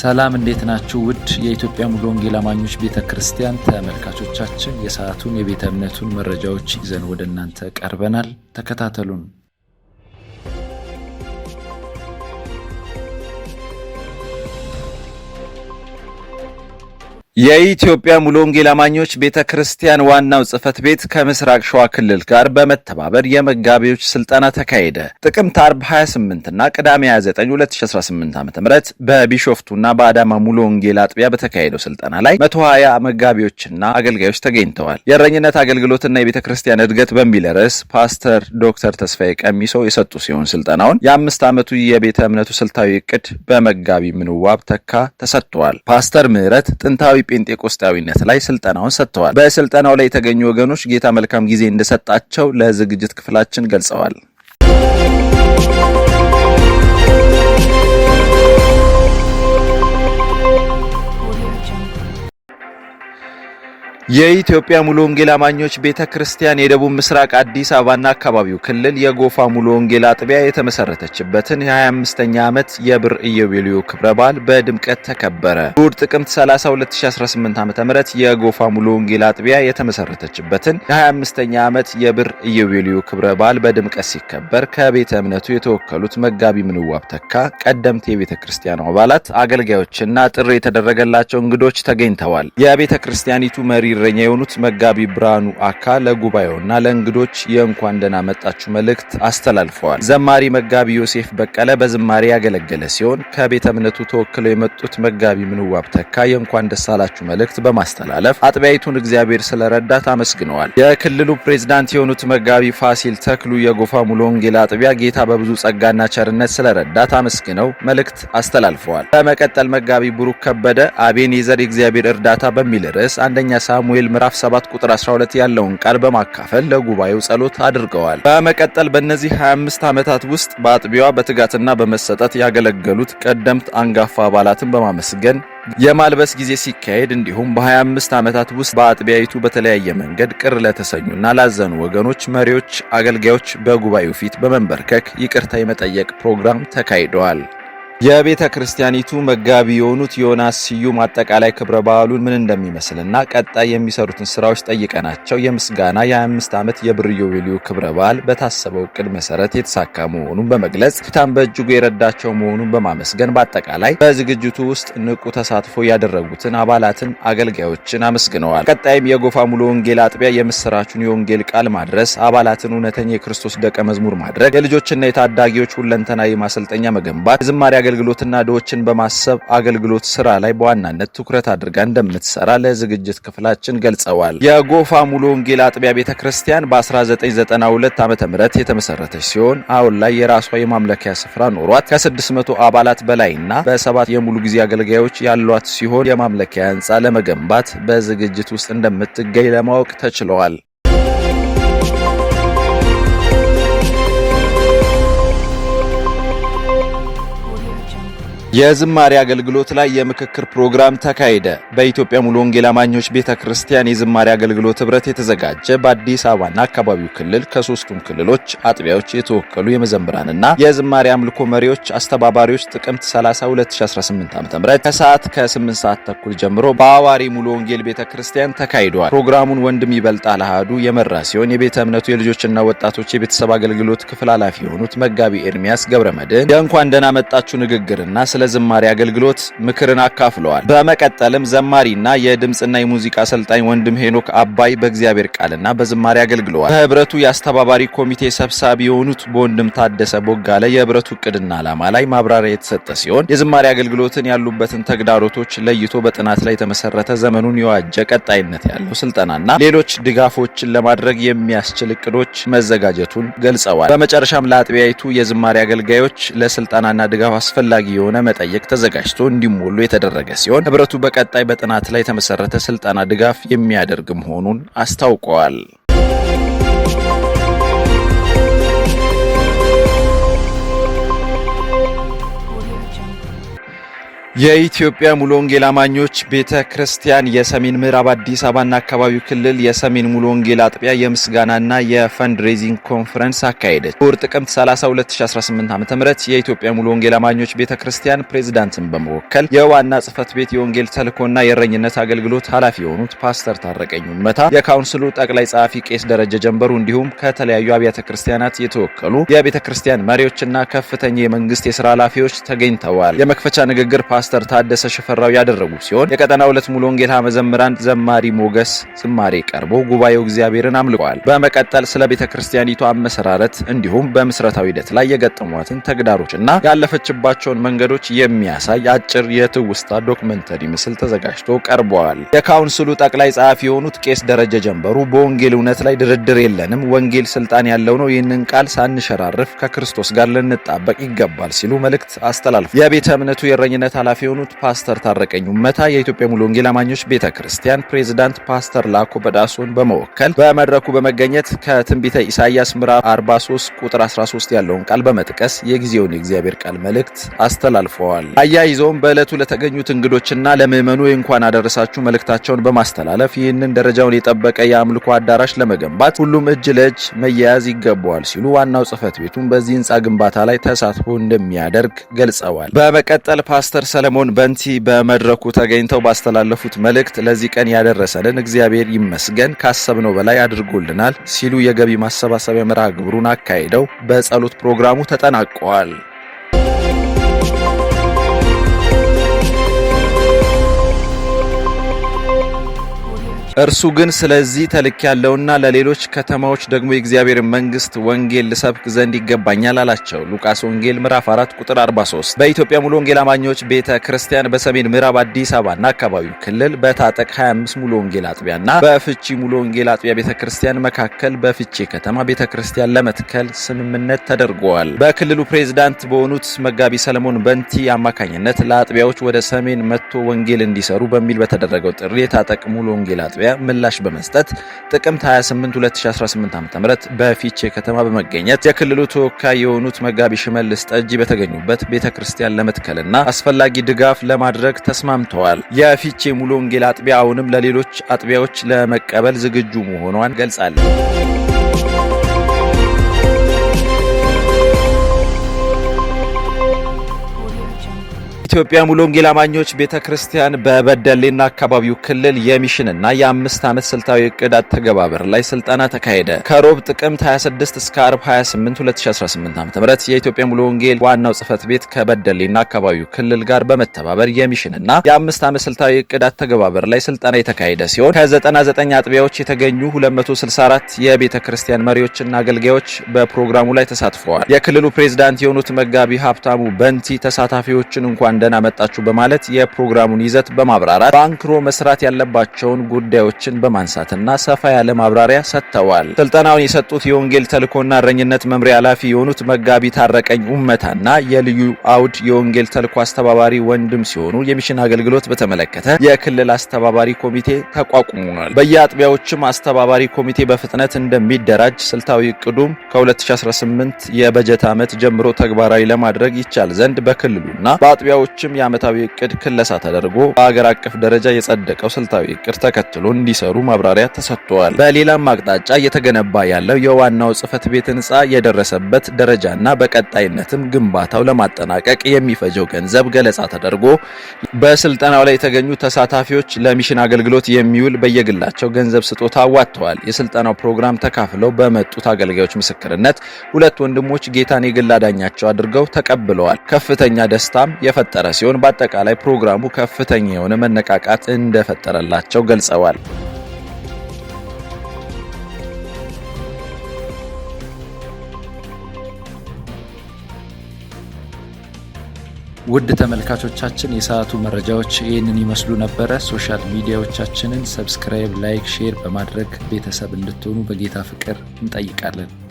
ሰላም እንዴት ናችሁ? ውድ የኢትዮጵያ ሙሉ ወንጌል አማኞች ቤተ ክርስቲያን ተመልካቾቻችን የሰዓቱን የቤተ እምነቱን መረጃዎች ይዘን ወደ እናንተ ቀርበናል። ተከታተሉን። የኢትዮጵያ ሙሉ ወንጌል አማኞች ቤተ ክርስቲያን ዋናው ጽህፈት ቤት ከምስራቅ ሸዋ ክልል ጋር በመተባበር የመጋቢዎች ስልጠና ተካሄደ። ጥቅምት አርብ 28 እና ቅዳሜ 29 2018 ዓ ም በቢሾፍቱና በአዳማ ሙሉ ወንጌል አጥቢያ በተካሄደው ስልጠና ላይ 120 መጋቢዎችና አገልጋዮች ተገኝተዋል። የእረኝነት አገልግሎትና የቤተ ክርስቲያን እድገት በሚል ርዕስ ፓስተር ዶክተር ተስፋዬ ቀሚሶ የሰጡ ሲሆን ስልጠናውን የአምስት ዓመቱ የቤተ እምነቱ ስልታዊ እቅድ በመጋቢ ምንዋብ ተካ ተሰጥቷል። ፓስተር ምህረት ጥንታዊ ጴንጤቆስታዊነት ላይ ስልጠናውን ሰጥተዋል። በስልጠናው ላይ የተገኙ ወገኖች ጌታ መልካም ጊዜ እንደሰጣቸው ለዝግጅት ክፍላችን ገልጸዋል። የኢትዮጵያ ሙሉ ወንጌል አማኞች ቤተ ክርስቲያን የደቡብ ምስራቅ አዲስ አበባና አካባቢው ክልል የጎፋ ሙሉ ወንጌል አጥቢያ የተመሰረተችበትን የ25ኛ ዓመት የብር ኢዮቤልዩ ክብረ በዓል በድምቀት ተከበረ። እሁድ ጥቅምት 30 2018 ም የጎፋ ሙሉ ወንጌል አጥቢያ የተመሰረተችበትን የ25ኛ ዓመት የብር ኢዮቤልዩ ክብረ በዓል በድምቀት ሲከበር ከቤተ እምነቱ የተወከሉት መጋቢ ምንዋብ ተካ፣ ቀደምት የቤተ ክርስቲያኑ አባላት፣ አገልጋዮችና ጥሪ የተደረገላቸው እንግዶች ተገኝተዋል። የቤተ ክርስቲያኒቱ መሪ እረኛ የሆኑት መጋቢ ብርሃኑ አካ ለጉባኤውና ለእንግዶች የእንኳን ደህና መጣችሁ መልእክት አስተላልፈዋል። ዘማሪ መጋቢ ዮሴፍ በቀለ በዝማሬ ያገለገለ ሲሆን ከቤተ እምነቱ ተወክለው የመጡት መጋቢ ምንዋብ ተካ የእንኳን ደስ አላችሁ መልእክት በማስተላለፍ አጥቢያይቱን እግዚአብሔር ስለረዳት አመስግነዋል። የክልሉ ፕሬዝዳንት የሆኑት መጋቢ ፋሲል ተክሉ የጎፋ ሙሉ ወንጌል አጥቢያ ጌታ በብዙ ጸጋና ቸርነት ስለረዳት አመስግነው መልእክት አስተላልፈዋል። በመቀጠል መጋቢ ብሩክ ከበደ አቤኔዘር የእግዚአብሔር እርዳታ በሚል ርዕስ አንደኛ ሳ ሳሙኤል ምዕራፍ 7 ቁጥር 12 ያለውን ቃል በማካፈል ለጉባኤው ጸሎት አድርገዋል። በመቀጠል በእነዚህ 25 ዓመታት ውስጥ በአጥቢያዋ በትጋትና በመሰጠት ያገለገሉት ቀደምት አንጋፋ አባላትን በማመስገን የማልበስ ጊዜ ሲካሄድ እንዲሁም በ25 ዓመታት ውስጥ በአጥቢያይቱ በተለያየ መንገድ ቅር ለተሰኙና ላዘኑ ወገኖች፣ መሪዎች፣ አገልጋዮች በጉባኤው ፊት በመንበርከክ ይቅርታ የመጠየቅ ፕሮግራም ተካሂደዋል። የቤተ ክርስቲያኒቱ መጋቢ የሆኑት ዮናስ ስዩም አጠቃላይ ክብረ በዓሉን ምን እንደሚመስልና ቀጣይ የሚሰሩትን ስራዎች ጠይቀናቸው የምስጋና የ25 ዓመት የብር ኢዮቤልዩ ክብረ በዓል በታሰበው እቅድ መሰረት የተሳካ መሆኑን በመግለጽ ጌታን በእጅጉ የረዳቸው መሆኑን በማመስገን በአጠቃላይ በዝግጅቱ ውስጥ ንቁ ተሳትፎ ያደረጉትን አባላትን፣ አገልጋዮችን አመስግነዋል። ቀጣይም የጎፋ ሙሉ ወንጌል አጥቢያ የምስራቹን የወንጌል ቃል ማድረስ፣ አባላትን እውነተኛ የክርስቶስ ደቀ መዝሙር ማድረግ፣ የልጆችና የታዳጊዎች ሁለንተና ማሰልጠኛ መገንባት፣ ዝማሪ አገልግሎትና ድሆችን በማሰብ አገልግሎት ስራ ላይ በዋናነት ትኩረት አድርጋ እንደምትሰራ ለዝግጅት ክፍላችን ገልጸዋል። የጎፋ ሙሉ ወንጌል አጥቢያ ቤተ ክርስቲያን በ1992 ዓ ም የተመሰረተች ሲሆን አሁን ላይ የራሷ የማምለኪያ ስፍራ ኖሯት ከ600 አባላት በላይና በሰባት የሙሉ ጊዜ አገልጋዮች ያሏት ሲሆን የማምለኪያ ህንፃ ለመገንባት በዝግጅት ውስጥ እንደምትገኝ ለማወቅ ተችለዋል። የዝማሬ አገልግሎት ላይ የምክክር ፕሮግራም ተካሄደ። በኢትዮጵያ ሙሉ ወንጌል አማኞች ቤተ ክርስቲያን የዝማሬ አገልግሎት ህብረት የተዘጋጀ በአዲስ አበባና አካባቢው ክልል ከሶስቱም ክልሎች አጥቢያዎች የተወከሉ የመዘምራንና የዝማሬ አምልኮ መሪዎች፣ አስተባባሪዎች ጥቅምት 30 2018 ዓ.ም ከሰዓት ከ8 ሰዓት ተኩል ጀምሮ በአዋሪ ሙሉ ወንጌል ቤተ ክርስቲያን ተካሂደዋል። ፕሮግራሙን ወንድም ይበልጣል አሃዱ የመራ ሲሆን የቤተ እምነቱ የልጆችና ወጣቶች የቤተሰብ አገልግሎት ክፍል ኃላፊ የሆኑት መጋቢ ኤርሚያስ ገብረመድህን የእንኳን ደህና መጣችሁ ንግግርና ስለ ለዝማሬ አገልግሎት ምክርን አካፍለዋል። በመቀጠልም ዘማሪና የድምፅና የሙዚቃ አሰልጣኝ ወንድም ሄኖክ አባይ በእግዚአብሔር ቃልና በዝማሬ አገልግለዋል። በህብረቱ የአስተባባሪ ኮሚቴ ሰብሳቢ የሆኑት በወንድም ታደሰ ቦጋለ የህብረቱ እቅድና ዓላማ ላይ ማብራሪያ የተሰጠ ሲሆን የዝማሬ አገልግሎትን ያሉበትን ተግዳሮቶች ለይቶ በጥናት ላይ የተመሰረተ ዘመኑን የዋጀ ቀጣይነት ያለው ስልጠናና ሌሎች ድጋፎችን ለማድረግ የሚያስችል እቅዶች መዘጋጀቱን ገልጸዋል። በመጨረሻም ለአጥቢያይቱ የዝማሬ አገልጋዮች ለስልጠናና ድጋፍ አስፈላጊ የሆነ መ። ለመጠየቅ ተዘጋጅቶ እንዲሞሉ የተደረገ ሲሆን ህብረቱ በቀጣይ በጥናት ላይ የተመሰረተ ስልጠና ድጋፍ የሚያደርግ መሆኑን አስታውቀዋል። የኢትዮጵያ ሙሉ ወንጌል አማኞች ቤተ ክርስቲያን የሰሜን ምዕራብ አዲስ አበባና አካባቢው ክልል የሰሜን ሙሉ ወንጌል አጥቢያ የምስጋናና የፈንድሬዚንግ ኮንፈረንስ አካሄደች። ወር ጥቅምት 30 2018 ዓ.ም የኢትዮጵያ ሙሉ ወንጌል አማኞች ቤተ ክርስቲያን ፕሬዝዳንትን በመወከል የዋና ጽህፈት ቤት የወንጌል ተልእኮና የእረኝነት አገልግሎት ኃላፊ የሆኑት ፓስተር ታረቀኝ መታ፣ የካውንስሉ ጠቅላይ ጸሐፊ ቄስ ደረጀ ጀንበሩ እንዲሁም ከተለያዩ አብያተ ክርስቲያናት የተወከሉ የቤተ ክርስቲያን መሪዎችና ከፍተኛ የመንግስት የስራ ኃላፊዎች ተገኝተዋል። የመክፈቻ ንግግር ፓስተር ታደሰ ሽፈራው ያደረጉ ሲሆን የቀጠና ሁለት ሙሉ ወንጌል መዘምራን ዘማሪ ሞገስ ዝማሬ ቀርቦ ጉባኤው እግዚአብሔርን አምልቋል። በመቀጠል ስለ ቤተ ክርስቲያኒቱ አመሰራረት እንዲሁም በምስረታዊ ሂደት ላይ የገጠሟትን ተግዳሮችና ያለፈችባቸውን መንገዶች የሚያሳይ አጭር የትውስታ ዶክመንተሪ ምስል ተዘጋጅቶ ቀርበዋል። የካውንስሉ ጠቅላይ ጸሐፊ የሆኑት ቄስ ደረጀ ጀንበሩ በወንጌል እውነት ላይ ድርድር የለንም፣ ወንጌል ስልጣን ያለው ነው። ይህንን ቃል ሳንሸራርፍ ከክርስቶስ ጋር ልንጣበቅ ይገባል ሲሉ መልእክት አስተላልፏል። የቤተ እምነቱ የእረኝነት ኃላፊ ኃላፊ የሆኑት ፓስተር ታረቀኝ መታ የኢትዮጵያ ሙሉ ወንጌል አማኞች ቤተ ክርስቲያን ፕሬዝዳንት ፓስተር ላኮ በዳሶን በመወከል በመድረኩ በመገኘት ከትንቢተ ኢሳያስ ምዕራፍ 43 ቁጥር 13 ያለውን ቃል በመጥቀስ የጊዜውን የእግዚአብሔር ቃል መልእክት አስተላልፈዋል። አያይዘውም በዕለቱ ለተገኙት እንግዶችና ለምዕመኑ እንኳን አደረሳችሁ መልእክታቸውን በማስተላለፍ ይህንን ደረጃውን የጠበቀ የአምልኮ አዳራሽ ለመገንባት ሁሉም እጅ ለእጅ መያያዝ ይገባዋል ሲሉ ዋናው ጽህፈት ቤቱም በዚህ ህንፃ ግንባታ ላይ ተሳትፎ እንደሚያደርግ ገልጸዋል። በመቀጠል ፓስተር ሰለሞን በንቲ በመድረኩ ተገኝተው ባስተላለፉት መልእክት ለዚህ ቀን ያደረሰንን እግዚአብሔር ይመስገን ካሰብነው በላይ አድርጎልናል ሲሉ የገቢ ማሰባሰቢያ መርሃ ግብሩን አካሂደው በጸሎት ፕሮግራሙ ተጠናቀዋል። እርሱ ግን ስለዚህ ተልክ ያለውና ለሌሎች ከተማዎች ደግሞ የእግዚአብሔር መንግስት ወንጌል ልሰብክ ዘንድ ይገባኛል አላቸው። ሉቃስ ወንጌል ምዕራፍ 4 ቁጥር 43። በኢትዮጵያ ሙሉ ወንጌል አማኞች ቤተ ክርስቲያን በሰሜን ምዕራብ አዲስ አበባና አካባቢው ክልል በታጠቅ 25 ሙሉ ወንጌል አጥቢያና በፍቺ ሙሉ ወንጌል አጥቢያ ቤተ ክርስቲያን መካከል በፍቼ ከተማ ቤተ ክርስቲያን ለመትከል ስምምነት ተደርገዋል። በክልሉ ፕሬዝዳንት በሆኑት መጋቢ ሰለሞን በንቲ አማካኝነት ለአጥቢያዎች ወደ ሰሜን መጥቶ ወንጌል እንዲሰሩ በሚል በተደረገው ጥሪ የታጠቅ ሙሉ ወንጌል አጥቢያ ጣቢያ ምላሽ በመስጠት ጥቅምት 28 2018 ዓ.ም በፊቼ ከተማ በመገኘት የክልሉ ተወካይ የሆኑት መጋቢ ሽመልስ ጠጅ በተገኙበት ቤተ ክርስቲያን ለመትከልና አስፈላጊ ድጋፍ ለማድረግ ተስማምተዋል። የፊቼ ሙሉ ወንጌል አጥቢያ አሁንም ለሌሎች አጥቢያዎች ለመቀበል ዝግጁ መሆኗን ገልጻለች። የኢትዮጵያ ሙሉ ወንጌል አማኞች ቤተ ክርስቲያን በበደሌና አካባቢው ክልል የሚሽንና የአምስት ዓመት ስልታዊ እቅድ አተገባበር ላይ ስልጠና ተካሄደ። ከሮብ ጥቅምት 26 እስከ አርብ 28 2018 ዓ ም የኢትዮጵያ ሙሉ ወንጌል ዋናው ጽህፈት ቤት ከበደሌና አካባቢው ክልል ጋር በመተባበር የሚሽንና የአምስት ዓመት ስልታዊ እቅድ አተገባበር ላይ ስልጠና የተካሄደ ሲሆን ከ99 አጥቢያዎች የተገኙ 264 የቤተ ክርስቲያን መሪዎችና አገልጋዮች በፕሮግራሙ ላይ ተሳትፈዋል። የክልሉ ፕሬዚዳንት የሆኑት መጋቢ ሀብታሙ በንቲ ተሳታፊዎችን እንኳን ደህና መጣችሁ በማለት የፕሮግራሙን ይዘት በማብራራት በአንክሮ መስራት ያለባቸውን ጉዳዮችን በማንሳትና ሰፋ ያለ ማብራሪያ ሰጥተዋል። ስልጠናውን የሰጡት የወንጌል ተልእኮና እረኝነት መምሪያ ኃላፊ የሆኑት መጋቢ ታረቀኝ ኡመታና የልዩ አውድ የወንጌል ተልእኮ አስተባባሪ ወንድም ሲሆኑ የሚሽን አገልግሎት በተመለከተ የክልል አስተባባሪ ኮሚቴ ተቋቁሟል። በየአጥቢያዎችም አስተባባሪ ኮሚቴ በፍጥነት እንደሚደራጅ ስልታዊ እቅዱም ከ2018 የበጀት ዓመት ጀምሮ ተግባራዊ ለማድረግ ይቻል ዘንድ በክልሉና በአጥቢያዎች ሌሎችም የዓመታዊ እቅድ ክለሳ ተደርጎ በአገር አቀፍ ደረጃ የጸደቀው ስልታዊ እቅድ ተከትሎ እንዲሰሩ ማብራሪያ ተሰጥቷል። በሌላም አቅጣጫ እየተገነባ ያለው የዋናው ጽህፈት ቤት ህንፃ የደረሰበት ደረጃና በቀጣይነትም ግንባታው ለማጠናቀቅ የሚፈጀው ገንዘብ ገለጻ ተደርጎ በስልጠናው ላይ የተገኙ ተሳታፊዎች ለሚሽን አገልግሎት የሚውል በየግላቸው ገንዘብ ስጦታ አዋጥተዋል። የስልጠናው ፕሮግራም ተካፍለው በመጡት አገልጋዮች ምስክርነት ሁለት ወንድሞች ጌታን የግል አዳኛቸው አድርገው ተቀብለዋል። ከፍተኛ ደስታም የፈጠረ የተፈጠረ ሲሆን በአጠቃላይ ፕሮግራሙ ከፍተኛ የሆነ መነቃቃት እንደፈጠረላቸው ገልጸዋል። ውድ ተመልካቾቻችን የሰዓቱ መረጃዎች ይህንን ይመስሉ ነበረ። ሶሻል ሚዲያዎቻችንን ሰብስክራይብ፣ ላይክ፣ ሼር በማድረግ ቤተሰብ እንድትሆኑ በጌታ ፍቅር እንጠይቃለን።